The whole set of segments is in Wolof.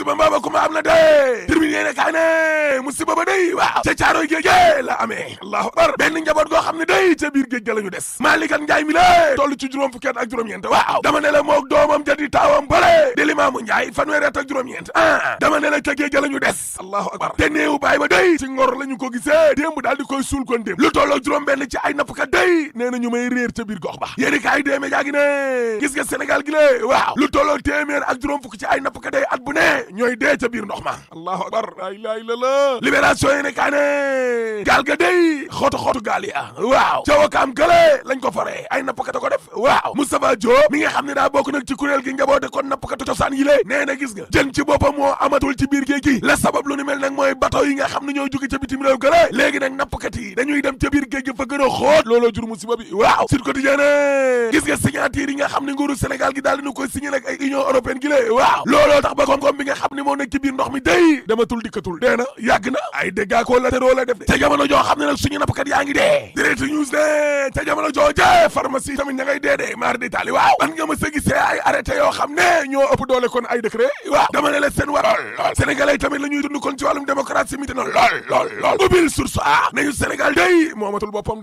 musiba mbaaba kuma am na de terminé ne kaane musiba ba day waaw ca caaroy géej la amee allahu akbar benn njaboot goo xam ne day ca biir géej ga la ñu des maalikan njaay mi lée toll ci juróom fukki ak juróom-ñeent waaw dama ne la mook doomam ja di taawam bële di limaamu njaay fanweeri at ak juróom-ñeent ah. dama ne la ca géej ñu des allahu akbar te néewu baay ba day ci ngor la ñu ko gisee démb daal di koy suul kon démb lu tolloo juróom benn ci ay nappkat day nee na ñu may réer ca biir gox ba yéeni kaay dee lu tolloo téeméer ak juróom fukki ci ay nappkat day ma allahu akbar la ilaha illallah yéene kaa ne gaal ga day xootu xootu gaal yi ah ay nappkat ko def waaw Moustapha Diop mi nga xam ne daa bokk nag ci kuréel gi njaboote kon nappkatu cosaan yi lée nee na gis nga jën ci boppam moo amatul ci biir géej gi la sabab lu ni mel nag mooy bateau yi nga xam ne ñoo jóge ca bitim réew gële léegi nag nappkat yi dañuy dem ca biir géej gi fa looloo jur musiba bi waaw Sud Quotidien gis nga signataires yi nga xam ne nguuru Sénégal gi daal dina koy signé nag ay union européenne gi lée waaw looloo tax ba koom-koom bi nga xam ni moo nekk ci biir ndox mi day dematul dikkatul dee na yàgg na ay ay déggaa koo la teroo def de ca jamono joo xam ne nag suñu nappkat yaa ngi dee direct news ne ca jamono joo jee pharmacie maar di taali waaw ban nga ma sa gisee ay arrêté yoo xam ne ñoo ëpp doole kon ay décret waaw dama ne la seen war lool lool ci wàllum démocratie mi dina lool lool lool a nañu sénégal day moomatul boppam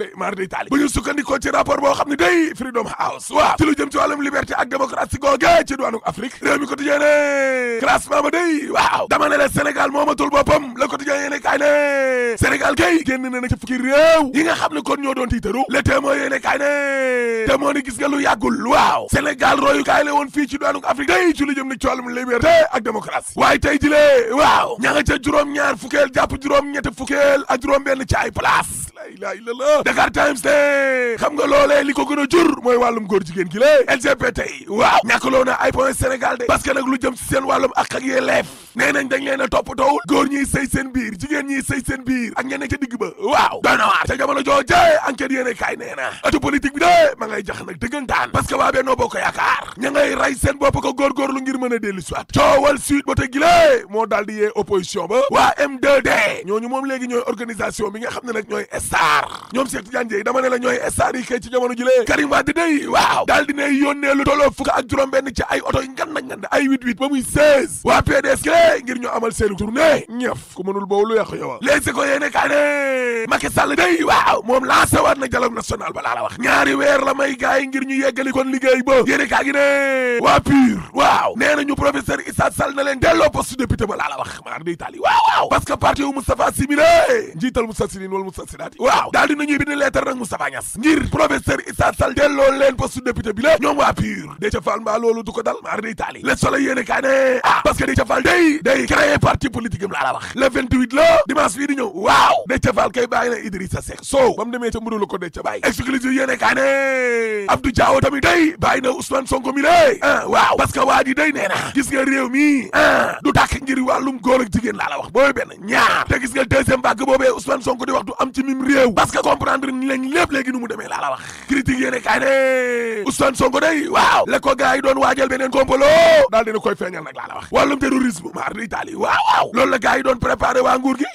la sénégal moomatul boppam le kaay gay, Sénégal kay na na ci fukki rew yi nga xamne kon ñoo doon tiitaru le témoin yene kaay ne ni gis nga lu yagul waaw senegal royu kay la won fi ci doonuk Afrique day ci lu jëm ni ci wàllum liberté ak démocratie waaye tey jilee waaw ña nga ca juróom-ñaar fukkel japp juroom ñett fukkel ak juroom ben ci ay place la ilaha illallah Dakar Times de xam nga lolé liko gëna a jur moy walum gor jigen gi lée LGBT yi waaw ñàkkaloo na ay point Sénégal de parce que nak lu jëm ci sen walum ak ak yelleef nee nañ dañ leen a toppatoowul góor ñiy sëy biir jigen ñiy sëy seen biir ak ñeneen ca digg ba waaw doy ca jamono jooje enquête yéene kaay nee na atu politique bi de ma ngay jax nag dëggantaan parce que waa Benno Bokk Yaakaar ña ngay rey seen bopp ko góorgóorlu ngir mën a dellu siwaat coowal suite ba te gilee moo daal yee opposition ba waa M2D ñooñu moom léegi ñooy organisation bi nga xam ne nag ñooy star ñoom Cheikh Tidiane Dièye dama ne la ñooy star yi kay ci jamono jilee Karim Wade di ne yónnee lu na ngan ay 8 8 yow léegi si ko yéene kaa ne Macky day waaw moom lancé waat na dialogue national ba laa la wax ñaari weer la may gars yi ngir ñu yeggali kon liggéey ba yéene kaa gi ne waa PUR waaw nee nañu professeur Issa Sall na leen delloo poste député ba laa la wax maar day taali waaw waaw parce que parti wu Moustapha Sy bi ne njiital Moustarchidine wala Moustarchidaty waaw daal dinañuy bind lettre nag Moustapha Niass ngir professeur Issa Sall delloo leen poste député bi la ñoom dimanche bii di ñëw waaw Déthié Fall kay bàyyi na Idrissa Seck soow ba mu demee ca mburu la ko Déthié bàyyi exclusive yéene kaa ne Abdou Diaw tamit day bàyyi na Ousmane Sonko mi lé ah waaw parce que waa ji day nee na gis mi ah du tàkk ngir wàllum góor ak jigéen laa la wax booy benn ñaar te gis nga deuxième boobee Ousmane Sonko di wax du am ci mim réew parce que comprendre ni lañ nu mu demee laa la wax critique yéene kaa ne Ousmane Sonko day waaw la ko gars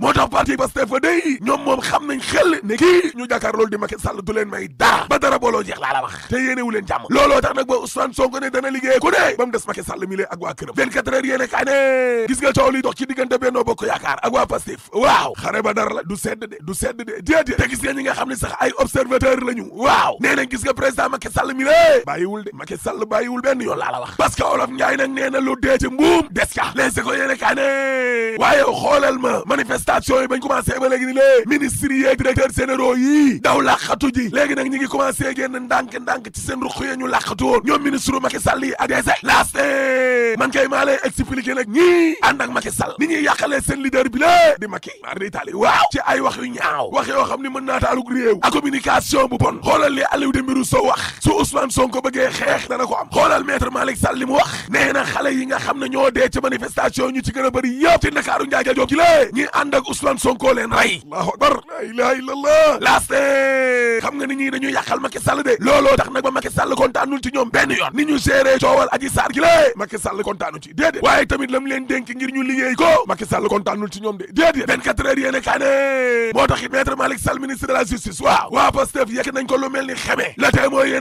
moo tax parti Pastef fa day ñoom moom xam nañ xel ne kii ñu jàkkaar loolu di Macky Sall du may dara ba dara booloo jeex laa la wax te yéene wu leen looloo tax nag ba Ousmane Sonko ne dana liggéey ku ne ba mu des Macky Sall mi ak waa këram 24 heures yéene kaa ne gis nga coow li dox ci diggante Benno Bokk Yaakaar ak waa Pastef waaw xare ba dara la du sedd de du sedd de déedéet te gis nga ñi nga xam ne sax ay observateur la ñu waaw nee nañ gis nga président arrestation yi bañ commencé ba léegi ni lée ministre yi directeur généraux yi daw làqatu ji léegi nag ñi ngi commencé génn ndànk-ndànk ci seen ruq yi ñu làqatu woon ñoom ministre Macky Sall yi ak dese laast man kay nag ñii ànd ak Macky Sall ni ñuy yàqalee seen leader bi la di Macky maa di taali waaw ci ay wax yu ñaaw wax yoo xam ni mën naa taalug réew ak communication bu bon xoolal li Aliou Dembourou Sow wax su Ousmane Sonko bëggee xeex dana ko am xoolal maître Malick li mu wax nee na yi nga xam ne ñoo a bëri yëpp ci Ndakaaru Ndiaye Diop ci lée ñi ànd ak Ousmane Sonko leen rey allahu akbar la ilaha illallah laaste xam nga ni ñi dañuy yàqal Macky Sall de looloo tax nag ba Macky Sall kontaanul ci ñoom benn yoon ni ñu géré coowal Adji Sarr gi lée Macky kontaanu ci déedéet waaye tamit lam leen dénk ngir ñu liggéey ko Macky Sall kontaanul ci ñoom de déedéet 24 heures yéene kaane moo tax it maître Malick ministre de la justice waaw waa Pastef yekk nañ ko lu mel ni xeme la tey mooy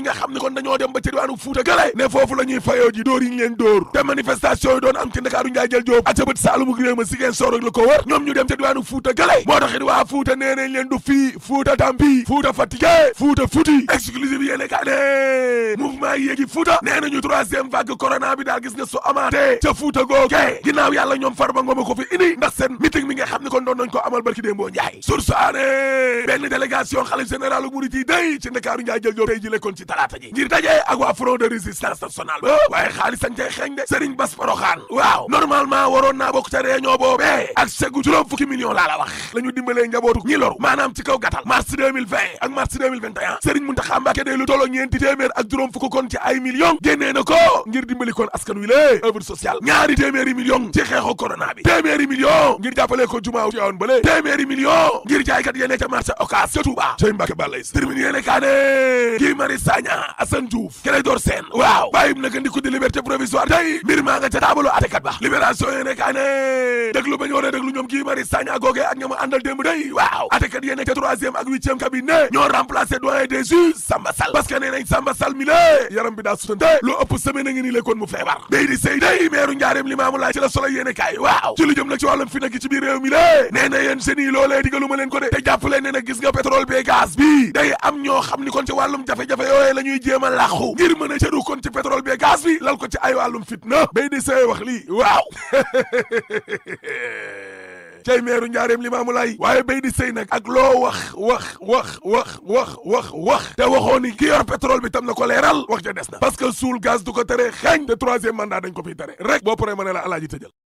nga xam ne kon dañoo dem ba ci diwaanu Ndakaaru Njaay jël Jóob ak ca bët Saalum réew ma Ziguinchor ak la ko wër ñoom ñu dem ca diwaanu Fuuta gale moo tax it waa Fuuta nee nañ leen du fii Fuuta Tampi Fuuta Fatigué Fuuta Futi exclusive yéene ka mouvement yi Fuuta nee nañu troisième vague corona bi daal gis nga su amaatee ca Fuuta googee ginnaaw yàlla ñoom Farba Ngom ko fi indi ndax seen meeting mi nga xam ne kon doon ko amal barki démboo Njaay source benn délégation xalif général waaw a waroon naa bokk a réunion boobee ak segu juróom fukki millions laa la wax la ñu dimbalee njabootu ñi maanaam ci kaw gàttal mars 2020 ak mars 2021 Serigne Mountakha Mbacké day lu tolloo ñeenti téeméer ak juróom fukk kon ci ay millions génnee ko ngir dimbali kon askan wi lée œuvre sociale ñaari téeméeri millions ci xeexu corona bi téeméeri millions ngir jàppalee ko jumaaw ci yoon bële ca marché ca Touba cay Mbacké bàllay baax libération kaa ne déglu ba ñu war a déglu ñoom Guy Marius Sagna googee ak ñoom àndal démb day waaw atekat yéene ca troisième ak huitième cabinet ñoo remplacé doyen des juges Samba Sall parce que nee nañ Samba Sall mi lée yaram bi daa sutante lu ëpp semaine a ngi nii lekkoon mu feebar day di sëy day meeru njaareem li maamu laay ci la solo yéene kaay waaw ci lu jëm nag ci wàllum fi nag ci biir réew mi lée nee na yéen seen yi loolee digaluma leen leen kon ci wàllum jafe-jafe yooyee a làqu ngir mën a cëru ko waaw cay meeru njaareem limaamu laay waaye béy di sëy nag ak loo wax wax wax wax wax wax wax te waxoo ni ki yor pétrole bi tam na ko leeral wax ja des na suul gaz du tere xeeñ te troisième mandat dañ ko fiy tere rek boo paree ma ne la alaaji tëjal